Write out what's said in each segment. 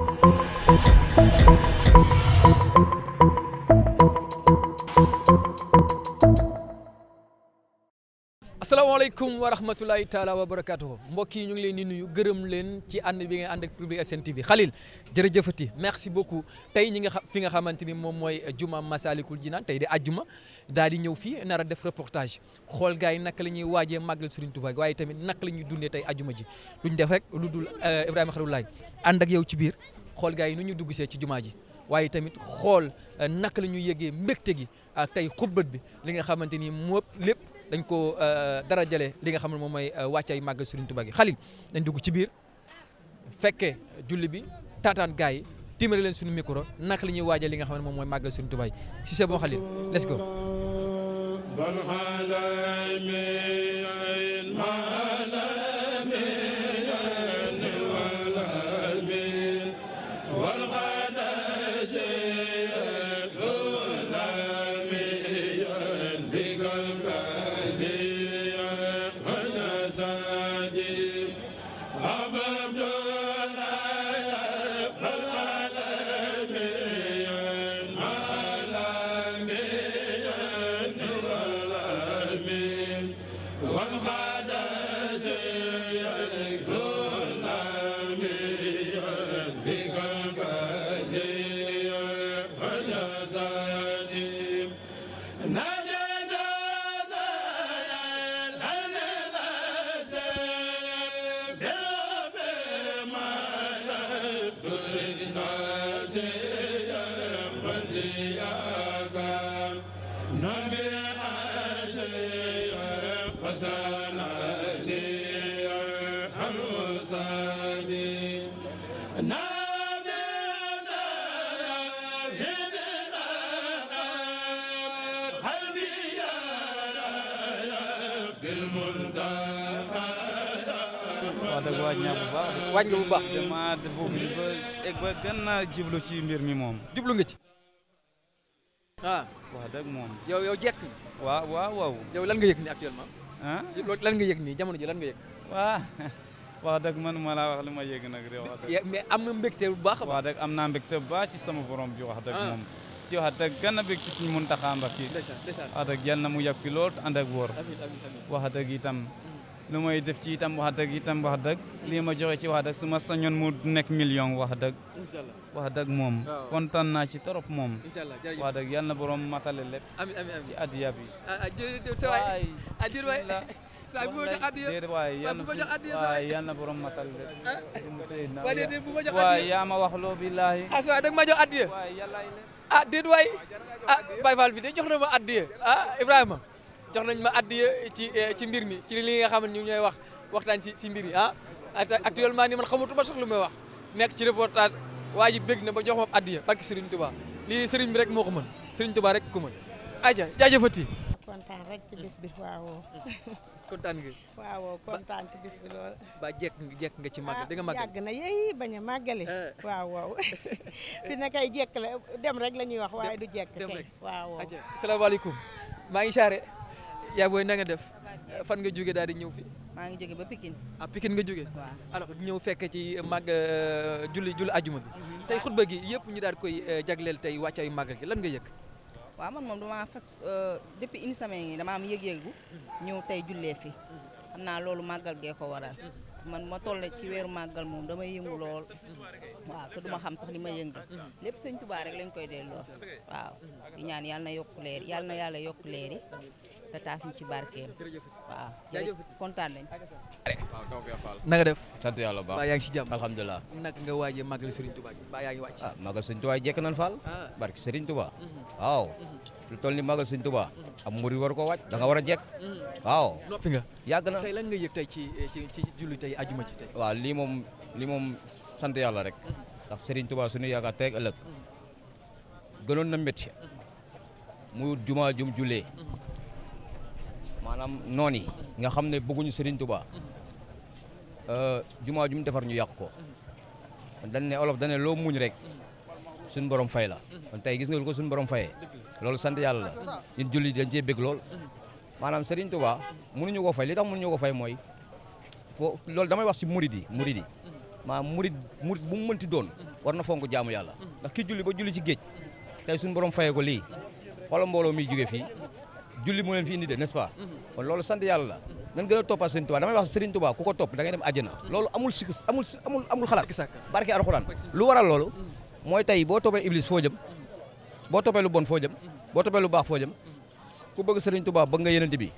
you asalaamaaleykum wa rahmatulahi taala wa barakatuhu mbokk yi ñu ngi leen di nuyu gërëm leen ci ànd bi nga ànd ak Public SN TV Khalil jërëjëfati merci beaucoup tey ñi nga xam fi nga xamante ni moom mooy juma ji Jinaan tey di àjjuma daal di ñëw fii nara a def reportage xool gars yi naka la ñuy waajee màggal Serigne tubaak waaye tamit naka la ñuy dundee tey ajuma ji duñ def rek lu dul euh, Ibrahima Khalil ànd ak yow ci biir xool gaa yi nu ñu dugg see ci jumaa ji waaye tamit xool euh, naka la ñuy yëgee mbégte gi ak tey bi li nga xamante ni moom lépp dañ ko euh, darajale li nga xam ne moom mooy euh, wàccaay màggal Serigne Touba gi xalil dañ dugg ci biir fekkee julli bi tataan gars yi tiimale leen suñu micro naka la ñuy waajal li nga xam ne moom mooy màggal Serigne Touba yi si c'est bon xalil let's go xadim abdou waaj nga bu baax. dama ba gën naa jublu ci mbir mi moom. jublu nga ci. ah. wax dëgg moom. yow yow jekk. waaw waaw waaw. yow lan nga yëg nii actuellement. ah lan nga yëg nii jamono ji lan nga yëg. waaw wax dëgg man ma laa wax li ma yëg nag. de mais am na mbégte bu baax a baax. wax am naa baax ci sama borom bi wax dëgg ah. moom. ci wax dëgg gën a bég ci suñu Muntaxa Mbakke. wax dëgg yal na mu yàgg fi lool ànd ak wóor. itam lu may def ci itam wax dëgg itam wax dëgg lii ma joxe ci wax dëgg su ma sañoon mu nekk million wax dëgg wax dëgg moom kontaan naa ci trop moom wax dëgg yal na borom matale lépp ci addiya bi ah, ah, waay waay ah, yal na borom matale lépp waay yaa ma wax loo billaahi dag ma jox addiya ah déet waay ah Baye bi de jox na ma addiya ah jox nañ ma addiya ci eh, ci mbir mi ci li nga xam ne ñu ñooy wax waxtaan ci ci mbir yi ah actuellement nii man xamatuma sax lu may wax nekk ci reportage waa ji bég na ba jox ma addiya barki Serigne Touba lii Serigne bi rek moo ko mën Serigne Touba rek ko mën aja jaajëfati kontaan rek ci bis bi waaw kontaan nga waaw kontaan bis bi lool ba jekk nga ci màgg ah, da nga màgg yàgg na yéy bañ a màggale ah. waaw waaw fi na kay jekk la dem rek la ñuy wax waaye du jekk tey waaw waaw asalaamaaleykum maa ngi saare yaa booy na def fan nga jóge daal di ñëw fi maa ngi jóge ba Pikine ah Pikine nga jóge waaw alors ñëw fekk ci màgg euh, julli julli ajuma bi mhm. tey xutba gi yëpp ñu daal koy euh, jagleel tey wàccaayu màggal gi lan nga yëg waaw man moom damaa fas euh, depuis une semaine yi dama am yëg-yëgu ñëw tey jullee fi xam naa loolu màggal gee ko waral man ma toll ci weeru màggal moom damay yëngu lool waaw te duma xam sax li ma yëngu lépp sëñ Tuubaa rek lañ koy delloo waaw di ñaan yàlla na yokk leer yàlla na yàlla yokk leer te taas ñu ci barkeem waaw jërëjëf kontaan nañ na def sant yàlla baax yaa ngi si jàmm alhamdulilah naka nga waajee màggal Serigne Touba ba yaa ngi wàcc ah màggal faal ah. barke Serigne Touba mhm. waaw mhm. lu toll ni màggal Serigne Touba mhm. am murid war koo wàcc da nga war a jekk waaw noppi yàgg na tey lan ci ci julli tey ajuma lii moom lii moom sant yàlla rek ndax Serigne Touba suñu yaakaar tey ëllëg gënoon na métti mu juma jum jullee maanaam noon nga xam ne bëgguñu Serigne Touba euh, jumaa ju mu defar ñu yàq ko dañ ne olof dañ ne loo muñ rek suñu borom fay la kon tey gis nga ko suñu borom fayee loolu sant yàlla la ñun julli dañ maanaam Serigne Touba mënuñu ko fay li tax mënuñu ko fay mooy loolu damay wax si murid yi murid yi maanaam murid murid bu mu mënti doon war na fonk jaamu yàlla ndax ki julli ba julli ci géej tey suñu borom fay ko lii xoolal mbooloo mi jóge fii julli moo leen fi indi de n'est-ce loolu sant yàlla nan gën a toppaat Serigne Touba damay wax Serigne Touba ku ko topp da ngay dem àjjana loolu amul sikk amul amul amul xalaat barke alxuraan lu waral loolu mooy tey boo toppee Iblis foo jëm boo toppee lu bon foo jëm boo toppee lu baax foo jëm ku bëgg Serigne Touba bëgg nga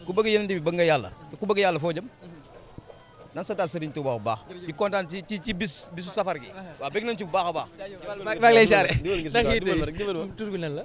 ku bëgg yenente bi bëgg nga yàlla te ku bëgg yàlla foo jëm nan sa taal Serigne Touba bu baax di kontaan ci ci ci bis bisu safar gi waaw bëgg nañ ci bu ba a baax maa ngi lay siyaare tur bi nan la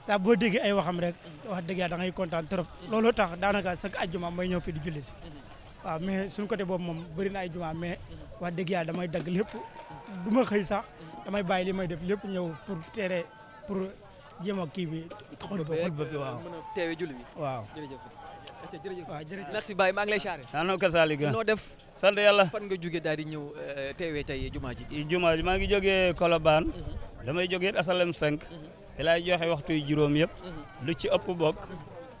sa bo degge ay waxam rek wax dëgg yàlla da ngay content trop loolu tax danaka sa aljuma may ñëw fi di julli ci wa mais suñu côté bob mom bari na ay juma mais wax dëgg ya damay dagg lépp du ma xëy sax damay bay li may def lepp ñew pour téré pour jéem ki bi xol bo xol bo bi waaw mën julli bi waaw merci Baye maa ngi lay xaare def sant yàlla fan nga jógee daal di ñëw eh, teewee tey juma ji juma ji maa ngi Colobane mhm. damay asalem 5 fi laay joxe waxtu yu juróom yëpp mhm. lu ci ëpp bokk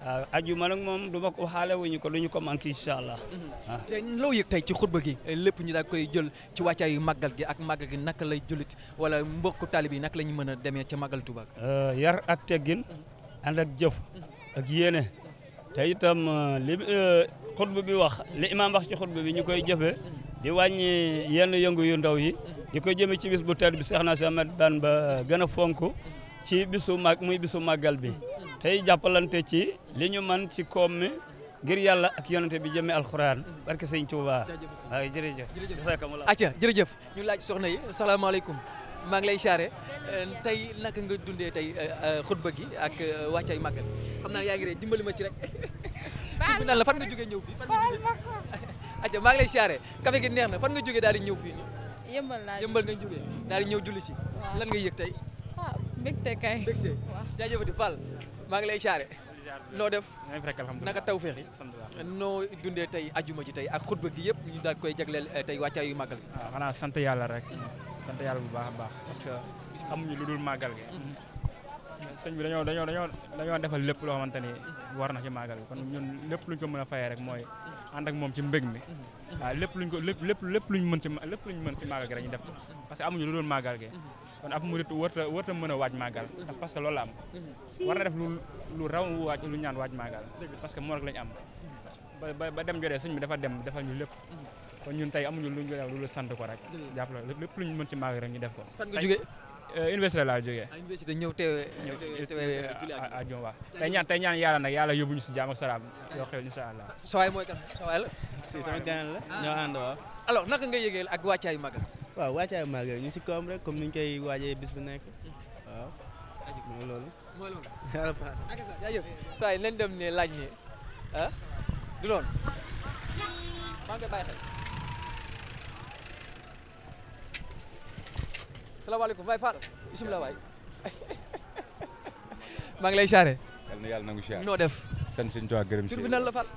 aju ajuma moom du ma ko waxaale ko lu ñu ko manqué incha allah. Mhm. te loo yëg tey ci xutba gi lépp ñu daal koy jël ci wàccaayu màggal gi ak màggal gi naka lay julit wala mbokku taalib yi naka la ñu mën a demee ca màggal Tuubaa. Euh, yar ak teggin mhm. ànd ak jëf ak yéene te itam euh, li euh, xutba bi wax li imaam wax ci xutba bi ñu koy jëfee di wàññi yenn yëngu yu ndaw yi di ko jëmee ci bis bu tedd bi Seex na Ahmadu ba gën a fonk. ci bisu mag muy bisu màggal bi tey jàppalante ci li ñu man ci koom mi ngir yàlla ak yonente bi jëmee alxuraan barke sëñ Tuuba waaw jërëjëf acca jërëjëf ñu laaj soxna yi salaamaaleykum maa ngi lay siyaare euh, tey naka nga dundee tey euh, euh, xutba gi ak wàccaay màggal xam naa yaa ngi dimbali ma ci rek bi naan la fan nga jógee ñëw fii fan nga jógee acca maa ngi lay siyaare café gi neex na fan nga jóge daal di ñëw fii nii yëmbal nga jógee daal di ñëw julli si lan nga yëg tey mbégte kay mbégte jaajëfati Fall maa ngi lay caare noo def naka taw feexi noo dundee tey ajuma ji tey ak xutba gi yëpp ñu daal koy jagleel eh, tey wàccaa yu màggal gi waaw ah, xanaa sant yàlla rek sant yàlla bu baax a baax parce que amuñu lu dul màggal gi mm-hmm. sëñ bi dañoo dañoo dañoo dañoo defal lépp loo xamante ni mm-hmm. war na ci màggal bi kon ñun mm-hmm. lépp luñ ko mën a fayee rek mooy ànd ak moom ci mbeg mi waaw lépp luñ ko lépp lépp luñ mën ci lépp luñ mën ci màggal ñu def ko parce gi kon ab murit wërta wërta mën a waaj màggal ndax parce que loolu la am war def lu lu raw waaj lu ñaan waaj màggal parce que moo rek la am ba ba dem jodee sëñ bi dafa dem defal ñu lépp kon ñun tey amuñu lu ñu def lu sant ko rek jàpp la lépp lu ñu mën ci màggal rek ñu def ko fan euh, laa jógee ah, université ñëw teewe a jom waaw tey ñaan tey ñaan yàlla nag yàlla yóbbuñu si jaam ak salaam ah. yoo xew insha allah sawaay mooy kan sawaay la si sama ganel la ah. ñoo ànd waaw naka nga yëgeel ak wàccaayu màggal waaw waajaayu màggal ñu si koom rek comme ni ñu koy waajee bis bu nekk waaw. mooy loolu. saa yi dem ne laaj ne ah du noonu maa ngi koy bàyyi maa ngi lay siyaare. yal na yàlla nangu siyaare noo def. sant sëñ Tuubaa la Fall.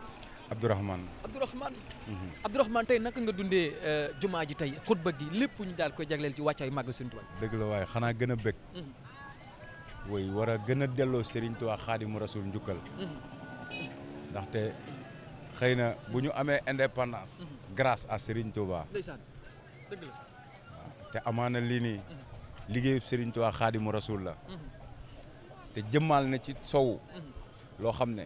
Abdourahmane Abdourahmane mhm. Abdourahmane tey naka nga dundee euh, jumaa ji tey xutba gi lépp ñu daal koy jagleel ci wàccaay màggal Sëriñ Tuubaa dëgg la waaye xanaa gën a bëgg mhm. woy war a gën a delloo Sëriñ Tuubaa Xaadimu Rasuul njukkal mhm. ndaxte xëy na bu ñu amee indépendance grâce à Sëriñ Tuubaa ndeysaan dëgg la waaw te amaana lii nii liggéeyu Sëriñ Tuubaa Xaadimu Rasuul la te jëmmaal na ci sow loo xam ne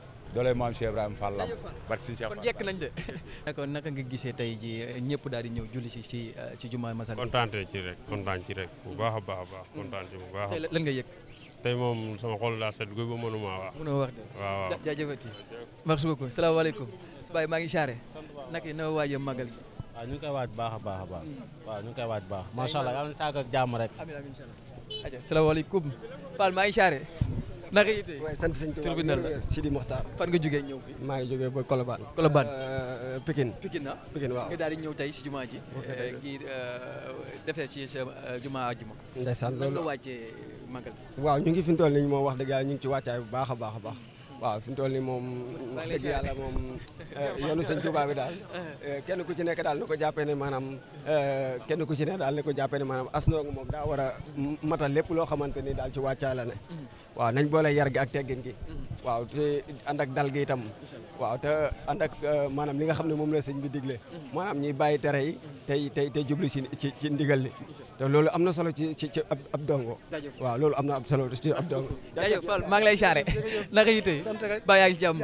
doole maam Cheikh Ibrahima Fall la bat si Cheikh kon jekk nañ de d'accord naka nga gisee tey ji euh, ñëpp daal di ñëw julli si si ci euh, jumaa masal kontaan ci rek kontaan ci rek bu baax a baax a baax mm. kontaan ci bu baax tey lan nga yëg tey moom sama xol laa set guy ba mënuma wax mënoo wax de waaw jaajëfati merci beaucoup salaamaaleykum baay maa ngi xaare naka na waaje magal gi waaw ñu ngi koy waaj baax a baax a baax mm. waaw ñu ngi koy waaj baax macha allah yàlla na saako ak jàmm rek amiin amiin incha allah salaamaaleykum Fall maa ngi xaare nag yite waay sant sëñ Tuubaa tur bi nan la Sidi Mokhtar fan nga jógee ñëw fi maa ngi jógee ba Colobane Colobane euh, Pikine Pikine na ah. Pikine waaw nga daal di ñëw tey si jumaa ji euh, ngir euh, defee si sa jumaa ajuma ndeysaan loolu nga wàccee magal waaw ñu ngi fi mu toll nii moo wax dëgg ñu ngi ci wàccaay bu baax a baax a baax waaw fi mu toll nii moom wax dëgg yàlla moom eh, yoonu sëñ Touba bi daal eh, kenn ku ci nekk daal ni ko jàppee ne maanaam eh, kenn ku ci nekk daal ni ko jàppee maanaam as ndongo moom daa war a matal lépp loo xamante ni daal ci wàccaa la ne waaw nañ boole yar gi ak teggin gi waaw te ànd ak dal gi itam waaw te ànd ak maanaam li nga xam ne moom la sëñ bi digle maanaam ñuy bàyyi tere yi tey tey tey jublu ci ci ndigal li te loolu am na solo ci ci ci ab dongo waaw loolu am na ab solo ci ab dongo jaajëf Fall maa ngi lay xaare naka yi tey ba yaa ngi jàmm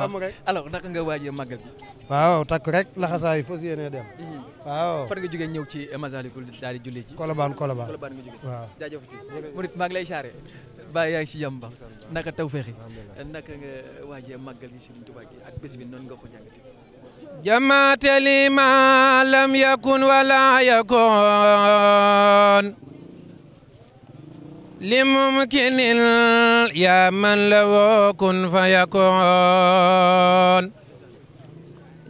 alors naka nga waajee màggal bi waaw takk rek laxasaay fas yéene dem mhm. waaw fan nga jógee ñëw ci Masalikul daal di julli ci Colobane Colobane Colobane nga jógee waaw jaajëf ci murit maa ngi lay xaare bàyyi yaa ngi lam yakun wala yakun li mumkinin ya man la wookun fa yakun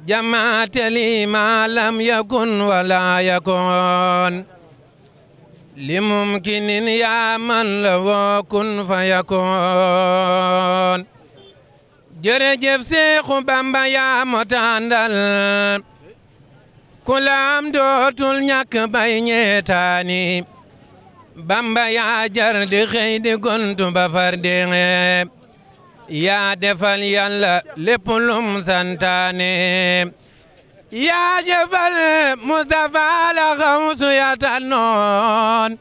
jamaate li ma lam yakun wala yakun لممكن يا من لو كن فيكون jërëjëf Seexu Bamba yaa ma ku laam dootul ñàkk bay ñeetaani Bamba yaa jar di xëy di gontu ba far deŋee yaa defal Yàlla lépp lum santaane yaa jëfal Mustafa la xawsu ya tànnoon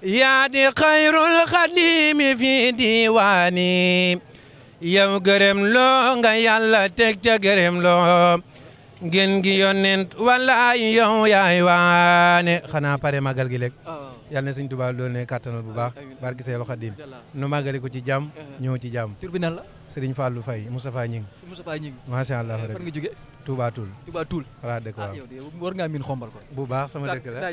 yaa di xayrul xadimi fi diwaani gërëm loo nga yàlla teg ca gërëm loo ngeen gi yonent wallaay yow yaay waane xanaa pare magal gi léeg ah, yàlla na suñ tubaab dool ne kàttanal bu baax barki seelu xadim nu màggali ko ci jàmm uh-huh. ñëw ci jàmm tur bi nan la Serigne Fallou Faye Moustapha Ñing Moustapha Ñing macha allah eh, fan nga Touba Toul. Touba Toul a dëkk waaw ah, yow de war ngaa miin xombal ko. bu baax sama dëkk la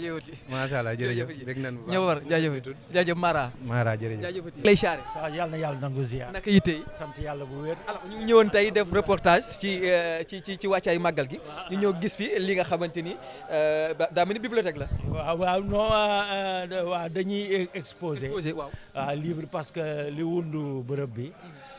macha allah jërëjëf bég nañ bu baax ñëw war jaajëf jaajëf Mara. Mara jërëjëf jaajëf lay siyaare. sax yàlla na yàlla nangu ziar. naka yitte yi sant yàlla bu wér. alors ñu ñëwoon tey def reportage ci euh, ci ci ci wàccaayu màggal gi ñu ñëw gis fi li nga xamante ni euh, daa la. waaw waaw non euh, dañuy e-, exposé. Ah, li wundu bërëb bi. Mhm.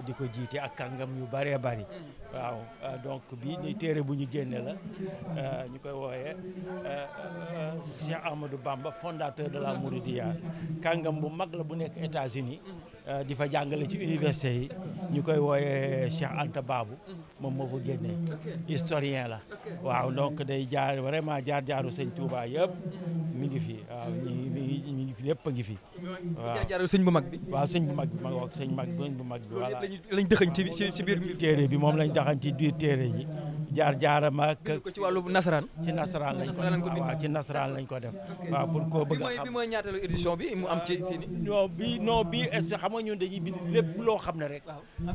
di ko jiite ak kangam yu bari bari waaw euh, donc bi ni téré buñu génné la euh, ñu koy euh, Cheikh Amadou Bamba fondateur de la Mouridia kangam bu mag la bu nek États-Unis di fa jàngale ci université yi ñu koy Cheikh Anta Babu, mom mo fa génné historien la waaw donc day jaar vraiment jaar jaaru Seigne Touba yépp mi ngi fi lépp a gi fi. waaw jaajëfal sëñ bu mag bi. waaw sëñ bu mag bi ma sëñ mag sëñ bu mag bi voilà. lañ dëxañ ci ci biir téere bi moom lañ dëxañ ci biir téere yi jaar jaaram a ci wàllu nasaraan. ci nasaraan lañ ko def ci nasaraan lañ ko def. waaw pour koo bëgg a xam bi mooy ñaateelu édition bi mu am ci fii bi non bi loo xam ne rek.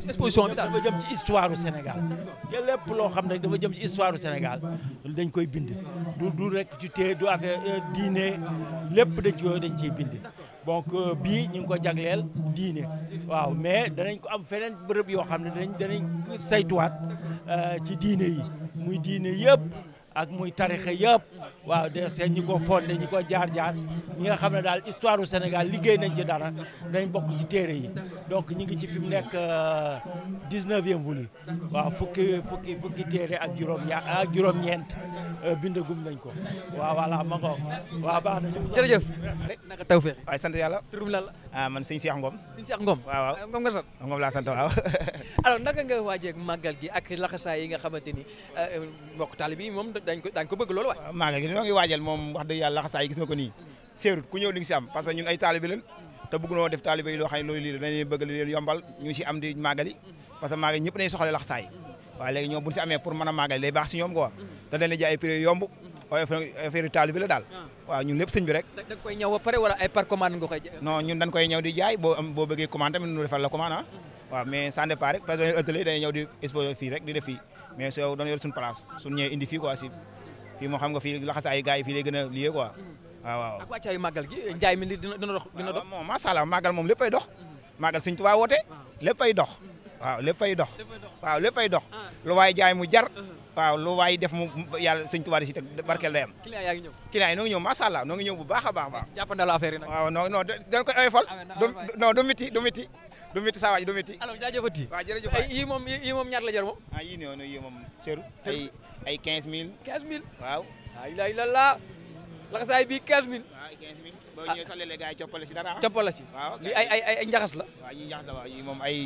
exposition bi dafa jëm ci histoire du Sénégal. lépp loo xam ne rek dafa jëm ci histoire du Sénégal dañ koy bind. du du rek ci té du affaire euh, diine lépp dañ koy bind. donc euh, bii ñu ngi ko jagleel diine waaw mais danañ ko am feneen bërëb yoo xam ne danañ danañ saytuwaat ci diine yi muy diine yëpp ak muy tarixa yëpp waaw de seen ñi ko fondé ñi ko jaar-jaar ñi nga xam ne daal histoire u Sénégal liggéey nañ ci dara dañ bokk ci téere yi donc ñi ngi ci fi mu nekk 19e euh, volet waaw fukki fukki fukki téere ak juróom ña ak juróom-ñeent euh, bindagum nañ ko waaw voilà ma ngoog waaw baax na jërëjëf naka taw feex waaye sant yàlla turum lan la ah man sëñ Cheikh Ngom sëñ Cheikh Ngom waaw waaw Ngom nga sant Ngom laa sant waaw alors nga waajee màggal gi ak laxasaay yi nga xamante ni euh, bok taalibe yi moom dañ ko bëgg loolu waay léegi ñoo ngi waajal moom wax dëgg yàlla xasaay gis nga ko nii séerut ku ñëw li nga si am parce que ñun ay taalibe lañ te bëgg noo def taalibe yi loo xam ne loolu bëgg leen yombal ñu si am di màggali parce que màggal ñëpp dañuy soxla laxasaay waaye léegi ñoom bu ñu si amee pour mën a màggali day baax si ñoom quoi te leen jaay ay yomb waaye affaire taalibe la daal waaw ñun lépp bi rek da koy ba pare wala ay par commande nga koy non ñun dañ koy ñëw di jaay bo bo bëggee commande tamit ñu defal la commande ah waaw mais sans départ rek parce que dañuy atelier dañuy di exposé fii rek di def fi mais soo doon yor sun place sun ñëwee indi fi quoi fii moo xam nga fii laxas ay gars yi fii lay gën a lié quoi hmm. waaw waaw ak wàccaayu màggal gi njaay mi dina dina dox dina dox moom ah, macha allah màggal moom léppay dox màggal Sëñ Tuubaa woote ah. léppay dox waaw léppay dox waaw léppay dox ah. lu waay jaay mu jar uh-huh. waaw lu waay def mu yàlla Sëñ Tuubaa di si teg barkeel day am client yaa ngi ñëw client yi noo ngi ñëw macha allah noo ngi ñëw bu baax a baax waaw non non dañ koy oyofal non du miti du miti saa waay du métti yi moom yi la jar moom ay 15000. 15000 waaw. waaw ilaha illallah. laxasaay bii 15000. waaw 15000 boo ñëwee sax léeg-léeg gars yi coppale si dara. coppale si waaw li ay ay la. waaw yi njaxas la waaw yi moom ay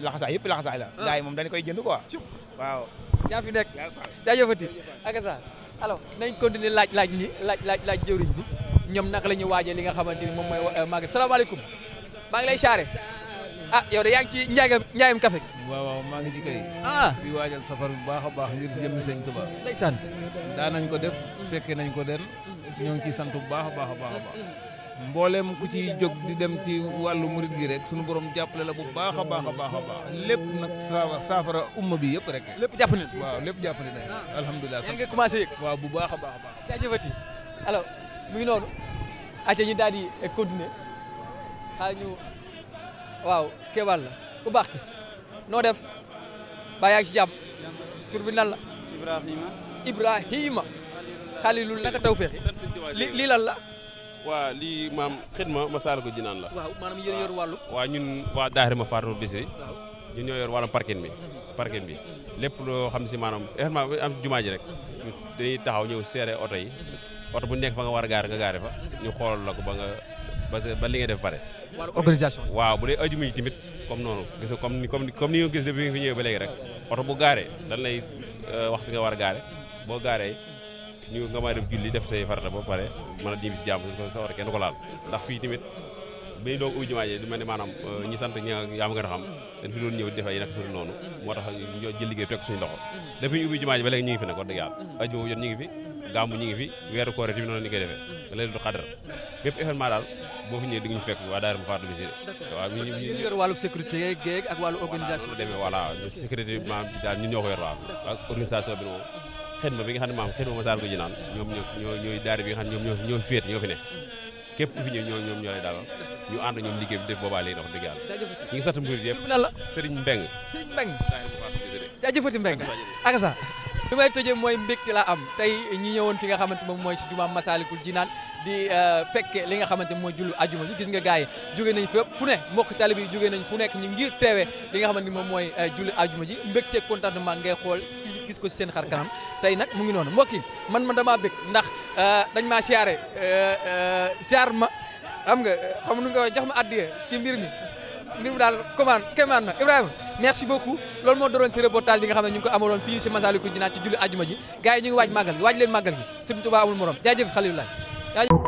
laxasaay yëpp laxasaay la. Ah. gars yi moom dañu koy jënd quoi. waaw. yaa fi nekk jaajëfati ak sa alors nañ continuer laaj laaj ni laaj laaj laaj jëwriñ bi ñoom naka la ñuy waajee li nga xamante ni moom mooy euh, màggal salaamaaleykum maa lay saare a ah, yow de yaa ngi ci njaayam njaayam café waaw waaw maa ngi ci kay ah waajal safara bu baax a baax ngir jëm sëñ Touba ndeysaan daa nañ ko def fekkee nañ ko den ñoo ngi ciy sant bu baax a baax a baax a baax mboolem ku ci jóg di dem ci wàllu murit gi rek sunu borom jàppale la bu baax a baax baax a baax lépp nag saafara saafara umma bi yëpp rek lépp jàppale na waaw lépp jàppale na ah. alhamdulilah yaa ngi commencé yëg waaw bu baax a baax a baax jaajëfati alors mu ngi noonu acca daal di continuer waaw Kébaal la ku baax noo def baa yaa ngi ci jàmm tur bi nan la Ibrahima Ibrahima Xalilul naka taw feex lii lan la waa lii maam xidma masaal ko jinaan la waaw maanaam waa ñun waa daahira ma faatuma bisri ñun ñoo yor wàllum parking bi parking bi lépp loo xam si maanaam vraiment eh, am jumaa ji rek dañuy taxaw ñëw seere oto yi oto bu nekk fa nga war a gaare nga gaare fa ñu xoolal la ko ba nga ba ba li nga def pare. organisation waaw bu dee ajuma ji tamit comme noonu gis comme comme ni nga gis depuis fi ñëwee ba léegi rek oto euh, wax fi nga war a boo gaaree ñu nga mën a def say farata ba pare mën a ñibbi si jàmm sa war a kenn ko laal ndax fii tamit bi ñu doog uy jumaa ji di mel ni maanaam euh, ñi sant ñi yaa ma gën a xam dañ fi doon ñëw di def ay nag suñu moo tax ñu jël liggéey teg loxo depuis ñu ubbi jumaa ba léegi ñu ngi fi nag wax dëgg yàlla ajuma ñu ngi fi gàmmu ñi ngi fi weeru koor tamit noonu ñu koy defee da mm-hmm. lay dul xadar bépp événement daal boo fi ñëwee di nga ñu fekk waa daara mu faatu bi si waaw ñu yor wàllu sécurité géeg ak wàllu ko yor waaw ak organisation bi moom xidma bi nga xam ne maam xidma masaar naan ñoom ñoo ñooy daara bi nga xam ne ñoom ñoo ñoo fi ne mm-hmm. képp ku ñoo ñoom ñoo lay dalal ñu ànd ñoom liggéey bi def boobaa lay dox dëgg yëpp Serigne Mbeng Serigne Mbeng jaajëfati Mbeng ak sa li may tëjee mooy mbégte la am tey ñi ñëwoon fi nga xamante moom mooy si jumaa Masaalikul Jinaan di euh, fekke li nga xamante mooy jul ajuma ji gis nga gars yi jóge nañ fépp fu ne mbokk talib yi jóge nañ fu nekk ñu ngir teewee li nga xamante moom mooy euh, jullu ajuma ji mbégte contentement ngay xool gis ko si seen xar kanam tey nag mu ngi noonu mbokk man ma damaa bég ndax euh, dañ maa siyaare siyaar ma xam nga xam nu nga jox ma addiye ci mbir mi mbir mi daal commande kéemaan na Ibrahima merci beaucoup loolu moo doroon si reportage bi nga xam ne ñu ko amaloon fii si Massalikul Jinaan ci julli ajuma ji gars ñu ngi waaj màggal gi waaj leen màggal gi Sëriñ Tuubaa amul morom jaajëf Xalilullaah